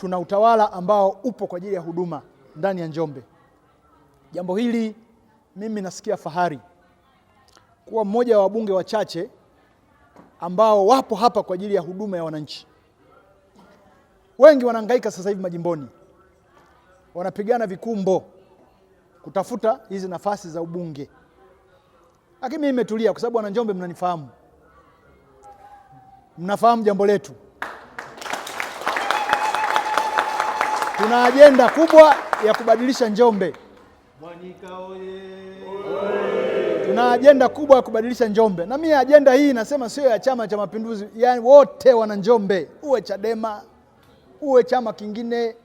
tuna utawala ambao upo kwa ajili ya huduma ndani ya Njombe. Jambo hili mimi nasikia fahari kuwa mmoja wa wabunge wachache ambao wapo hapa kwa ajili ya huduma ya wananchi. Wengi wanahangaika sasa hivi majimboni, wanapigana vikumbo kutafuta hizi nafasi za ubunge, lakini mimi nimetulia kwa sababu wana Njombe mnanifahamu, mnafahamu jambo letu. Tuna ajenda kubwa ya kubadilisha Njombe. Mwanyika oye! Tuna ajenda kubwa ya kubadilisha Njombe, na mimi ajenda hii nasema sio ya Chama cha Mapinduzi, yaani wote wana Njombe, uwe Chadema uwe chama kingine,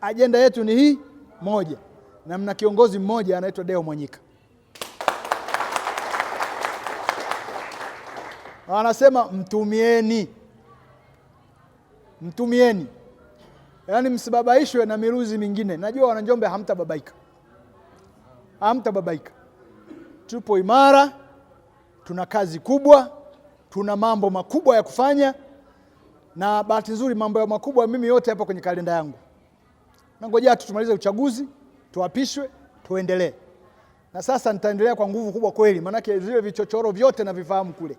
ajenda yetu ni hii moja, na mna kiongozi mmoja anaitwa Deo Mwanyika. Wanasema mtumieni, mtumieni yaani msibabaishwe na miruzi mingine. Najua Wananjombe hamtababaika, hamtababaika. Tupo imara, tuna kazi kubwa, tuna mambo makubwa ya kufanya, na bahati nzuri mambo ya makubwa mimi yote yapo kwenye kalenda yangu. Nangojea tu tumalize uchaguzi, tuapishwe, tuendelee. Na sasa nitaendelea kwa nguvu kubwa kweli, maanake vile vichochoro vyote navifahamu kule,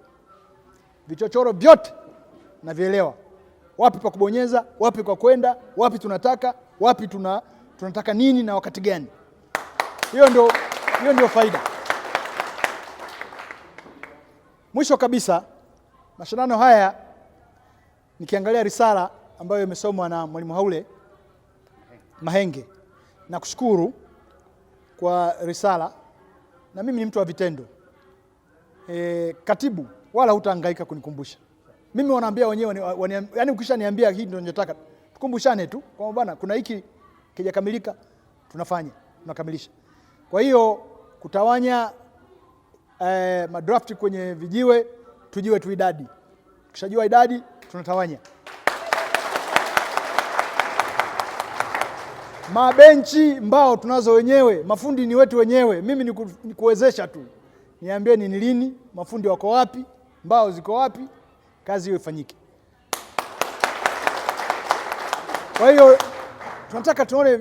vichochoro vyote navielewa wapi pa kubonyeza, wapi kwa kwenda, wapi tunataka, wapi tuna, tunataka nini na wakati gani. Hiyo ndio, hiyo ndio faida. Mwisho kabisa, mashindano haya nikiangalia risala ambayo imesomwa na Mwalimu Haule Mahenge, na kushukuru kwa risala, na mimi ni mtu wa vitendo. E, katibu, wala hutahangaika kunikumbusha mimi wanaambia wenyewe wani, yani ukishaniambia hii ndio ninataka tukumbushane tu kwa bwana kuna hiki kijakamilika tunafanya tunakamilisha. Kwa hiyo kutawanya eh, madrafti kwenye vijiwe, tujue tu idadi, tukishajua idadi tunatawanya mabenchi mbao tunazo wenyewe, mafundi ni wetu wenyewe. Mimi ni kuwezesha tu, niambieni ni lini, mafundi wako wapi, mbao ziko wapi kazi hiyo ifanyike. Kwa hiyo tunataka tuone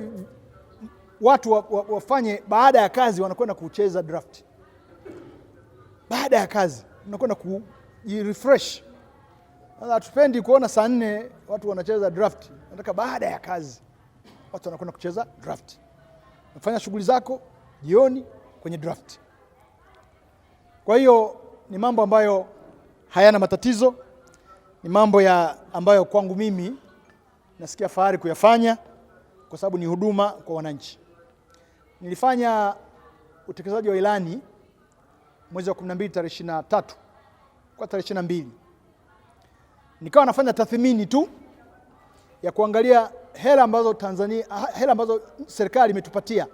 watu wa, wa, wafanye baada ya kazi wanakwenda kucheza draft, baada ya kazi unakwenda kujirefresh. Hatupendi kuona saa nne watu wanacheza draft, nataka baada ya kazi watu wanakwenda kucheza draft, nafanya shughuli zako jioni kwenye draft. Kwa hiyo ni mambo ambayo hayana matatizo ni mambo ya ambayo kwangu mimi nasikia fahari kuyafanya kwa sababu ni huduma kwa wananchi. Nilifanya utekelezaji wa ilani mwezi wa 12 tarehe 23 kwa tarehe 22, nikawa nafanya tathmini tu ya kuangalia hela ambazo Tanzania, hela ambazo serikali imetupatia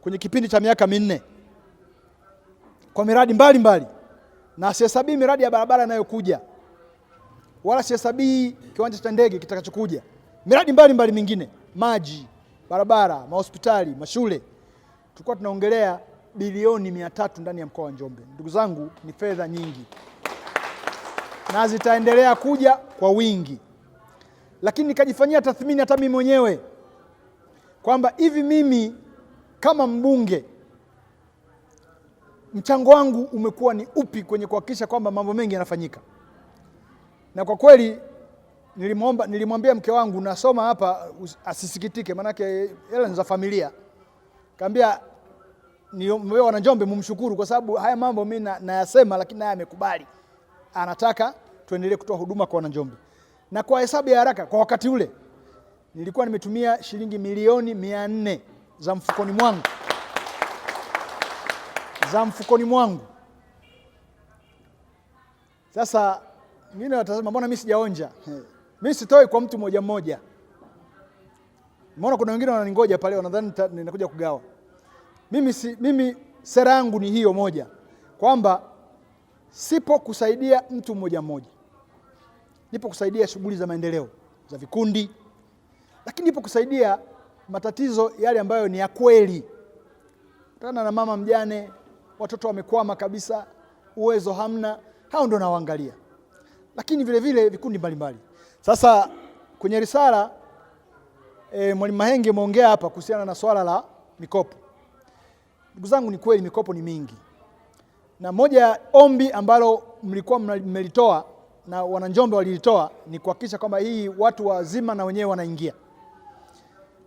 kwenye kipindi cha miaka minne kwa miradi mbalimbali mbali. Na sihesabii miradi ya barabara inayokuja wala sihesabii kiwanja cha ndege kitakachokuja, miradi mbalimbali mingine, maji, barabara, mahospitali, mashule. Tulikuwa tunaongelea bilioni mia tatu ndani ya mkoa wa Njombe. Ndugu zangu, ni fedha nyingi na zitaendelea kuja kwa wingi, lakini nikajifanyia tathmini hata mimi mwenyewe kwamba hivi mimi kama mbunge mchango wangu umekuwa ni upi kwenye kuhakikisha kwamba mambo mengi yanafanyika na kwa kweli nilimwomba, nilimwambia mke wangu nasoma hapa asisikitike, maanake hela ni za familia. Kaambia niombe wana Njombe mumshukuru kwa sababu haya mambo mimi nayasema, lakini naye amekubali, anataka tuendelee kutoa huduma kwa Wananjombe. Na kwa hesabu ya haraka kwa wakati ule nilikuwa nimetumia shilingi milioni mia nne za mfukoni mwangu za mfukoni mwangu. Sasa wengine watazama, mbona mimi sijaonja? Mimi sitoi kwa mtu moja mmoja. Mbona kuna wengine wananingoja pale, wanadhani ninakuja kugawa. Mimi, si, mimi sera yangu ni hiyo moja kwamba sipo kusaidia mtu mmoja mmoja, nipo kusaidia shughuli za maendeleo za vikundi, lakini nipo kusaidia matatizo yale ambayo ni ya kweli. Tana na mama mjane, watoto wamekwama kabisa, uwezo hamna, hao ndo nawaangalia lakini vile vile vikundi mbalimbali. Sasa kwenye risala e, Mwalimu Mahenge ameongea hapa kuhusiana na swala la mikopo. Ndugu zangu, ni kweli mikopo ni mingi, na moja ya ombi ambalo mlikuwa mmelitoa na wananjombe walilitoa ni kuhakikisha kwamba hii watu wazima na wenyewe wanaingia.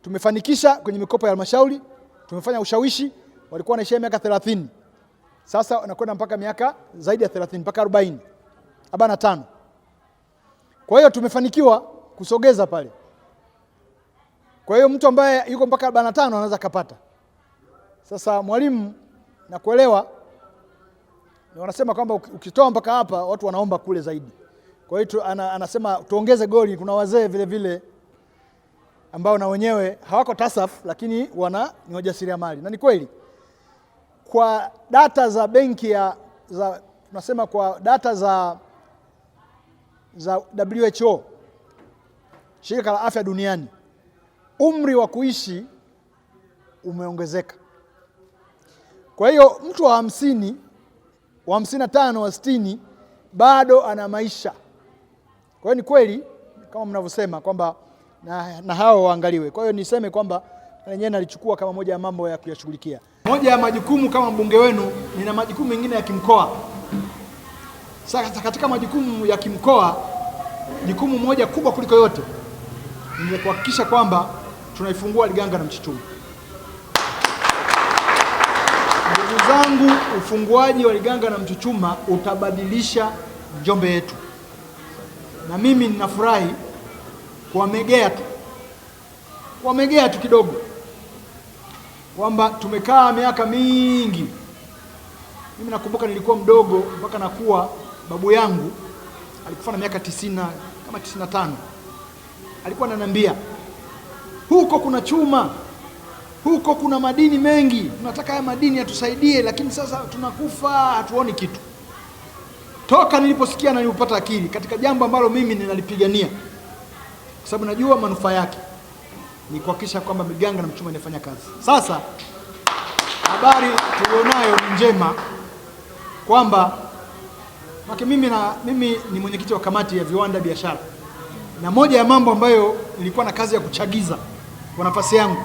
Tumefanikisha kwenye mikopo ya halmashauri, tumefanya ushawishi, walikuwa wanaishia miaka 30 sasa wanakwenda mpaka miaka zaidi ya 30 mpaka 40 tano kwa hiyo tumefanikiwa kusogeza pale. Kwa hiyo mtu ambaye yuko mpaka arobaini na tano anaweza kapata. Sasa mwalimu, nakuelewa, wanasema kwamba ukitoa mpaka hapa watu wanaomba kule zaidi. Kwa hiyo anasema tuongeze goli. Kuna wazee vile vile ambao na wenyewe hawako TASAF lakini wana ni wajasiriamali, na ni kweli kwa data za benki ya za tunasema kwa data za za WHO, shirika la afya duniani, umri wa kuishi umeongezeka. Kwa hiyo mtu wa hamsini, wa hamsini na tano, wa sitini bado ana maisha. Kwa hiyo ni kweli kama mnavyosema kwamba na, na hao waangaliwe. Kwa hiyo niseme kwamba lenyewe nalichukua kama moja ya mambo ya kuyashughulikia. Moja ya majukumu kama mbunge wenu, nina majukumu mengine ya kimkoa. Sasa katika majukumu ya kimkoa, jukumu moja kubwa kuliko yote ni kuhakikisha kwamba tunaifungua Liganga na Mchuchuma. Ndugu zangu, ufunguaji wa Liganga na Mchuchuma utabadilisha Njombe yetu, na mimi ninafurahi kuwamegea tu kuwamegea tu kidogo kwamba tumekaa miaka mingi. Mimi nakumbuka nilikuwa mdogo mpaka nakuwa babu yangu alikufa na miaka tisina, kama tisini na tano, alikuwa ananiambia huko kuna chuma, huko kuna madini mengi, tunataka haya madini yatusaidie, lakini sasa tunakufa hatuoni kitu. Toka niliposikia na nilipata akili katika jambo ambalo mimi ninalipigania kwa sababu najua manufaa yake ni kuhakikisha kwamba miganga na mchuma inafanya kazi. Sasa habari tulionayo ni njema kwamba Maki mimi, na, mimi ni mwenyekiti wa kamati ya viwanda biashara, na moja ya mambo ambayo nilikuwa na kazi ya kuchagiza kwa nafasi yangu,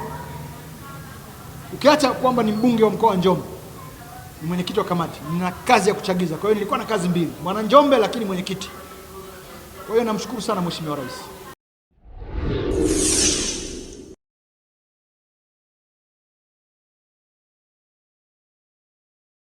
ukiacha kwamba ni mbunge wa mkoa wa Njombe, ni mwenyekiti wa kamati, nina kazi ya kuchagiza. Kwa hiyo nilikuwa na kazi mbili, mwana Njombe, lakini mwenyekiti. Kwa hiyo namshukuru sana Mheshimiwa Rais.